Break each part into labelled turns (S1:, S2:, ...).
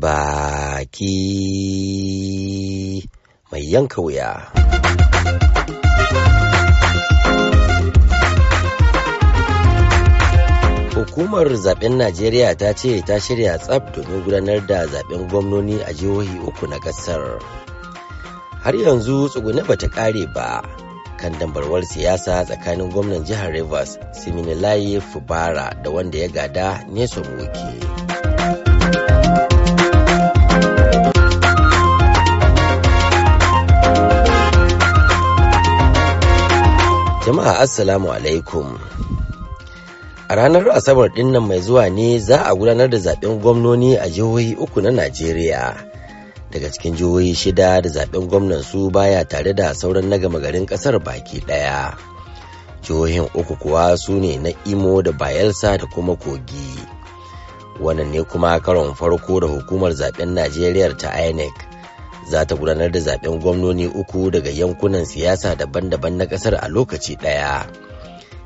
S1: baki mai yanka wuya. Hukumar zaben Najeriya ta ce ta shirya tsaf domin gudanar da zaben gwamnoni a jihohi uku na ƙasar. Har yanzu tsugune bata ƙare ba kan dambarwar siyasa tsakanin gwamnan jihar Rivers Siminalayi Fubara da wanda ya gada Nyesom Wike. Jama'a Assalamu alaikum. A ranar Asabar dinnan mai zuwa ne za a gudanar da zaben gwamnoni a jihohi uku na Najeriya. Daga cikin jihohi shida da zaben gwamnan su baya tare da sauran na gama garin ƙasar baki ɗaya. Jihohin uku kuwa su ne na Imo da Bayelsa da kuma Kogi. Wannan ne kuma karon farko da hukumar zaben Najeriya ta INEC za ta gudanar da zaben gwamnoni uku daga yankunan siyasa daban-daban na kasar a lokaci ɗaya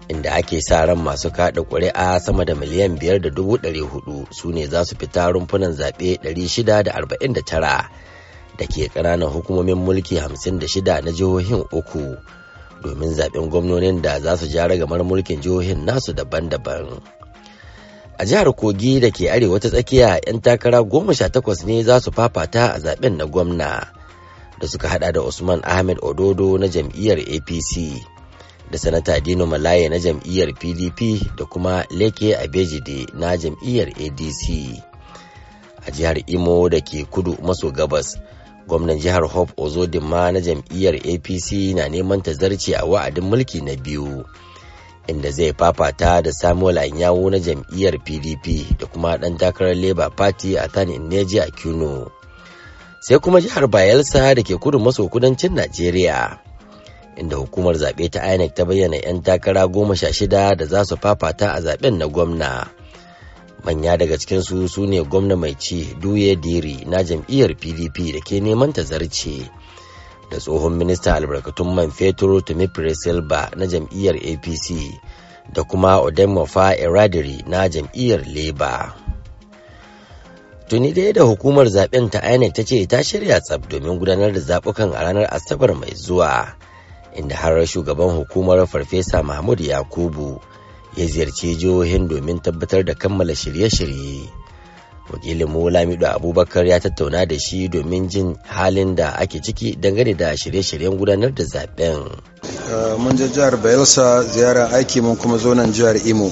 S1: inda ake sa ran masu kada ƙuri'a sama da miliyan biyar da dubu ɗari hudu su ne za su fita rumfunan zaɓe ɗari shida da arba'in da tara da ke ƙananan hukumomin mulki hamsin da shida na jihohin uku domin zaɓen gwamnonin da za su ja ragamar mulkin jihohin nasu daban-daban. a jihar kogi da ke arewa ta tsakiya 'yan takara goma sha takwas ne za su fafata a zaben na gwamna da suka hada da usman ahmed ododo na jam'iyyar apc da sanata dino malaye na jam'iyyar pdp da kuma leke abejide na jam'iyyar adc a jihar imo da ke kudu maso gabas gwamnan jihar hope ozodinma na jam'iyyar apc na neman ta zarce a wa'adin mulki na biyu inda zai fafata da samuel anyawo na jam'iyyar pdp da kuma ɗan takarar labour party a tan inneji a kuno sai kuma jihar bayelsa da ke kudu maso kudancin najeriya inda hukumar zaɓe ta inec ta bayyana 'yan takara goma sha shida da za su fafata a zaɓen na gwamna manya daga cikinsu su ne gwamna mai ci duye diri na jam'iyyar pdp da ke neman ta zarce. da tsohon Minista albarkatun man fetur tumi silba na jam'iyyar APC da kuma Odemofa Eradiri na jam'iyyar Labour. Tuni dai da hukumar zaben ta INEC ta ce ta shirya tsab domin gudanar da zabukan a ranar Asabar mai zuwa, inda har shugaban hukumar Farfesa Mahmud Yakubu ya ziyarci jihohin domin tabbatar da kammala shirye-shirye. wakilin mu lamido abubakar ya tattauna da shi domin jin halin da ake ciki dangane da shirye-shiryen gudanar da zaben
S2: eh, mun je jihar bayelsa ziyara aiki mun kuma zo nan jihar imo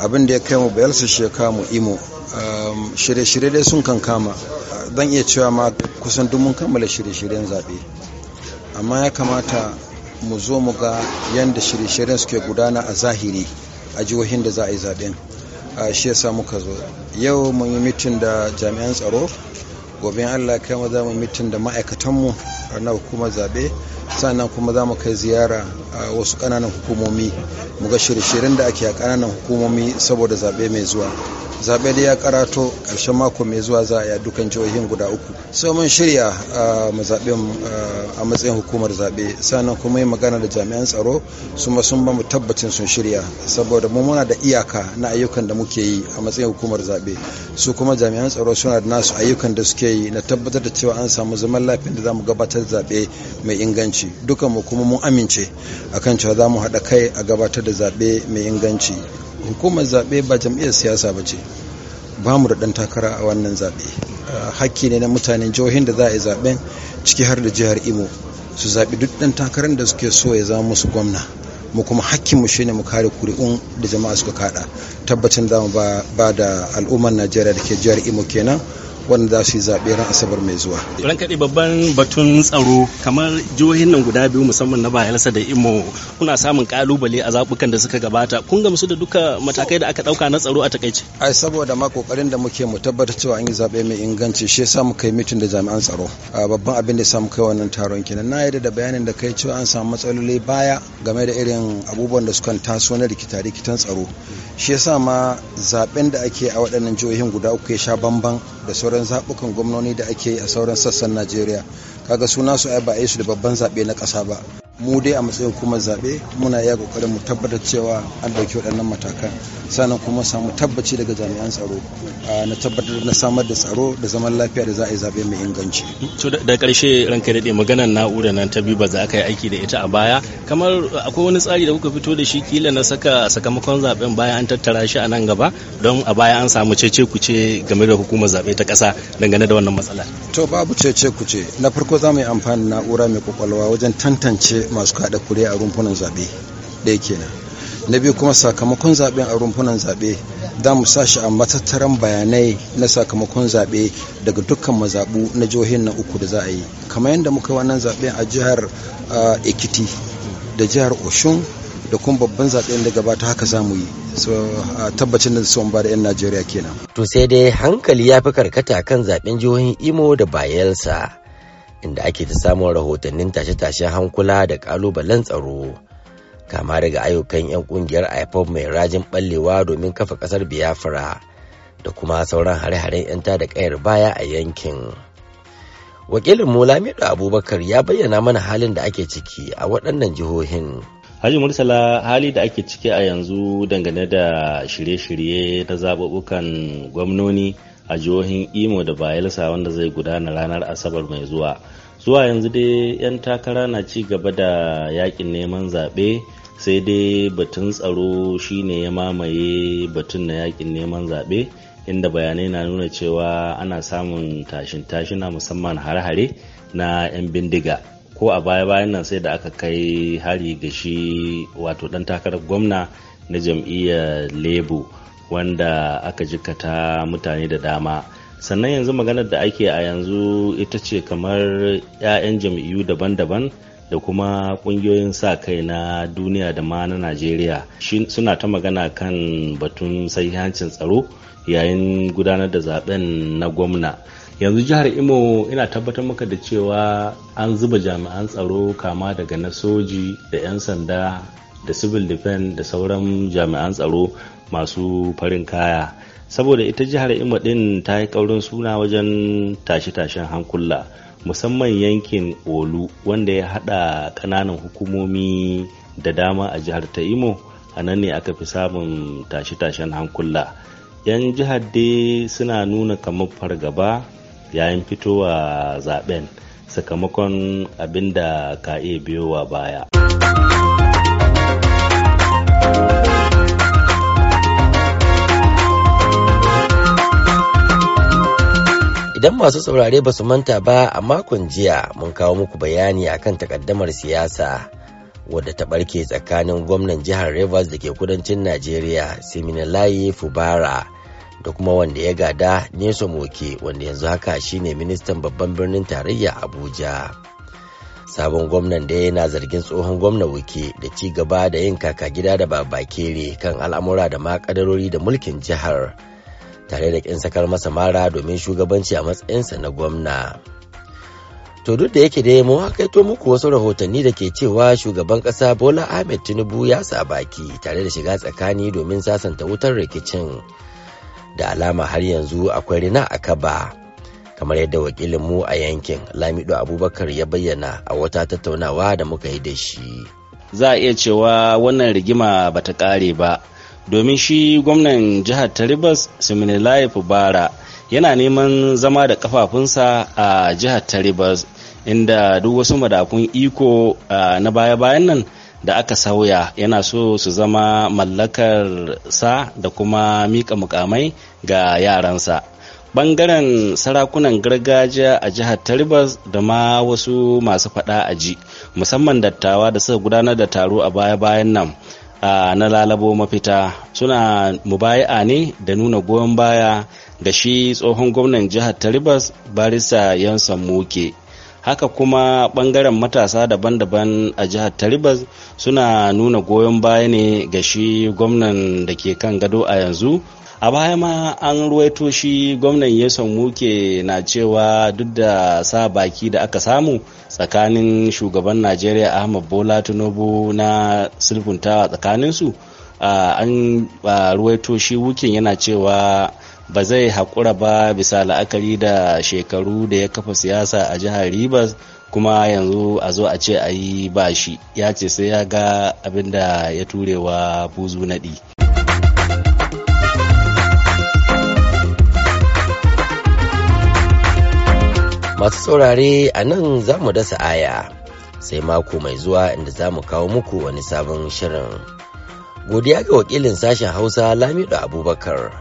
S2: abin da ya kai mu bayelsa shi ya mu imo ehm, shirye-shirye dai sun kan kama zan iya cewa ma kusan duk mun kammala shirye-shiryen zaɓe amma ya kamata mu zo mu ga yadda shirye-shiryen suke gudana a zahiri a jihohin da za a yi zaɓen a shi yasa muka zo yau mun yi mitin da jami'an tsaro gobe allah kai mu za mu mitin da ma'aikatanmu na hukumar zaɓe sannan kuma za mu kai ziyara a wasu ƙananan hukumomi mu ga shirye-shiryen da ake a ƙananan hukumomi saboda zaɓe mai zuwa zaɓe da ya karato ƙarshen mako mai zuwa za a yi dukkan jihohin guda uku sai mun shirya mu zaɓe a matsayin hukumar zaɓe sannan kuma yi magana da jami'an tsaro su ma sun ba mu tabbacin sun shirya saboda mu muna da iyaka na ayyukan da muke yi a matsayin hukumar zaɓe su kuma jami'an tsaro suna da nasu ayyukan da suke yi na tabbatar da cewa an samu zaman lafiyar da za mu gabatar da zaɓe mai inganci dukkan mu kuma mun amince akan cewa za mu haɗa kai a gabatar da zaɓe mai inganci hukumar zaɓe ba jam'iyyar siyasa ba ce ba mu da ɗan takara a wannan zaɓe ah, hakki ne na mutanen jihohin da za a yi zaɓen ciki har da jihar imo su zaɓi duk ɗan takarar da suke so ya zama musu gwamna mu kuma hakkinmu shine mu kare kuri'un da jama'a suka kaɗa tabbacin za mu ba da al'ummar najeriya da ke jihar imo kenan wanda za su yi zaɓe ran asabar mai zuwa.
S3: Ran kaɗi babban batun tsaro kamar jihohin nan guda biyu
S2: musamman na Bayelsa da Imo
S3: kuna samun kalubale a zaɓukan da suka gabata kun gamsu da duka matakai da aka ɗauka na tsaro a takaice.
S2: Ai saboda ma kokarin da muke mu tabbatar cewa an yi zaɓe mai inganci shi yasa mu kai mitin da jami'an tsaro. Babban abin da samu kai wannan taron kenan na yadda da bayanin da kai cewa an samu matsaloli baya game da irin abubuwan da sukan taso na rikita-rikitan tsaro. Shi yasa ma zaɓen da ake a waɗannan jihohin guda uku ya sha bamban da sauran sauran zaɓukan gwamnoni da ake yi a sauran sassan najeriya kaga suna su ai ba a yi su da babban zaɓe na ƙasa ba mu dai a matsayin kuma zaɓe muna iya kokarin mu tabbatar cewa an ɗauki waɗannan matakan sannan kuma samu tabbaci daga jami'an tsaro na tabbatar na samar da tsaro da zaman lafiya da za a yi zaɓe mai inganci.
S3: to da ƙarshe ranka daɗe maganar na'urar nan ta biyu ba za ka yi aiki da ita a baya kamar akwai wani tsari da
S2: kuka fito da shi kila na saka
S3: sakamakon zaɓen baya an tattara shi a nan gaba don a baya an samu cece kuce game da hukumar zaɓe ta ƙasa dangane da wannan matsala.
S2: to babu cece kuce na farko za mu yi amfani na'ura mai kwakwalwa wajen tantance masu kada kure a rumfunan zaɓe ɗaya kenan na biyu kuma sakamakon zaɓen a rumfunan zaɓe za mu sashi a matattaran bayanai na sakamakon zaɓe daga dukkan mazaɓu na jihohin na uku da za a yi kamar yadda muka wannan zaɓen a jihar eh, ekiti da jihar oshun da kuma babban zaɓen da gabata haka za mu yi so a tabbacin da su ba da 'yan najeriya kenan to sai dai hankali ya fi karkata kan zaɓen
S1: jihohin imo da bayelsa inda ake ta samun rahotannin tashe-tashen hankula da kalubalen tsaro kama daga ayyukan 'yan kungiyar ipob mai rajin ɓallewa domin kafa ƙasar biafra da kuma sauran hare-haren 'yanta da kayar baya a yankin wakilin mu lamido abubakar ya bayyana mana halin da ake ciki a waɗannan jihohin
S3: Haji Mursala hali da ake ciki a yanzu dangane da shirye-shirye na zaɓuɓɓukan gwamnoni a jihohin imo da bayelsa wanda zai gudana ranar asabar mai zuwa zuwa yanzu dai 'yan takara na ci gaba da yakin neman zaɓe sai dai batun tsaro shine ya mamaye batun na yakin neman zaɓe inda bayanai na nuna cewa ana samun tashin tashina musamman har-hare na 'yan bindiga ko a baya-bayan nan sai da aka kai hari ga shi wato dan takarar gwamna na jam'iyyar labour wanda aka jikata mutane da dama sannan yanzu maganar da ake a yanzu ita ce kamar 'ya'yan jam'iyyu daban-daban da kuma kungiyoyin sa kai na duniya da ma na najeriya suna ta magana kan batun sahihancin tsaro yayin gudanar da zaben na gwamna yanzu jihar imo ina tabbatar maka da cewa an zuba jami'an tsaro kama daga na soji da 'yan sanda da civil defense da sauran jami'an tsaro masu farin kaya saboda ita jihar Imo din ta yi kaurin suna wajen tashi tashen hankula musamman yankin olu wanda ya hada kananan hukumomi da dama a jihar ta imo a nan ne aka fi samun tashi tashen hankula yan jihar dai suna nuna kamar fargaba yayin fitowa zaben sakamakon abin da ka iya biyowa
S1: baya. idan masu saurare ba su manta ba a makon jiya mun kawo muku bayani a kan takaddamar siyasa wadda ta barke tsakanin gwamnan jihar rivers da ke kudancin najeriya siminalayi fubara da kuma wanda ya gada nesa moke wanda yanzu haka shine ministan babban birnin tarayya abuja sabon gwamnan da yana zargin tsohon gwamna wuke da ci gaba da yin kaka gida da babakere kan al'amura da ma da mulkin jihar. tare da ƙin sakar masa mara domin shugabanci a matsayinsa na gwamna. To duk da yake dai mu hakaito muku wasu rahotanni da ke cewa shugaban ƙasa Bola Ahmed Tinubu ya sa baki tare da shiga tsakani domin sasanta wutar rikicin. Da alama har yanzu akwai rina a kaba. Kamar yadda wakilinmu a yankin Lamido Abubakar ya bayyana a wata tattaunawa da muka yi da shi.
S3: Za a iya cewa wannan rigima bata ƙare ba. domin shi gwamnan jihar taribas ribas siminilai fubara yana neman zama da kafafunsa a jihar taribas inda duk wasu madakun iko na baya-bayan nan da aka sauya yana so su zama mallakar sa da kuma mika mukamai ga yaransa bangaren sarakunan gargajiya a jihar taribas da ma wasu masu fada a ji musamman dattawa da suka gudanar da taro a baya-bayan nan na lalabo mafita suna mubaya'a ne da nuna goyon baya ga shi tsohon gwamnan jihar taribas barista yansan muke haka kuma bangaren matasa daban-daban a jihar taribas suna nuna goyon baya ne ga shi gwamnan da ke kan gado a yanzu a baya ma an ruwaito shi gwamnan yeson muke na cewa duk da sa baki da aka samu tsakanin shugaban najeriya ahmad bola tinubu na sulfuntawa tsakaninsu an ruwaito shi wukin yana cewa ba zai haƙura ba bisa la'akari da shekaru da ya kafa siyasa a jihar ribas kuma yanzu a zo a ce a yi ba shi ya ce sai ya ga abin da ya turewa buzu naɗi
S1: masu saurare a nan za mu dasa aya sai mako mai zuwa inda za mu kawo muku wani sabon shirin godiya ga wakilin sashen hausa lamido abubakar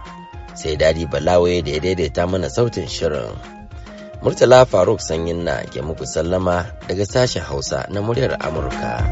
S1: sai dadi balawe da ya daidaita mana sautin shirin murtala faruk sanyin na ke muku sallama daga sashen hausa na muryar amurka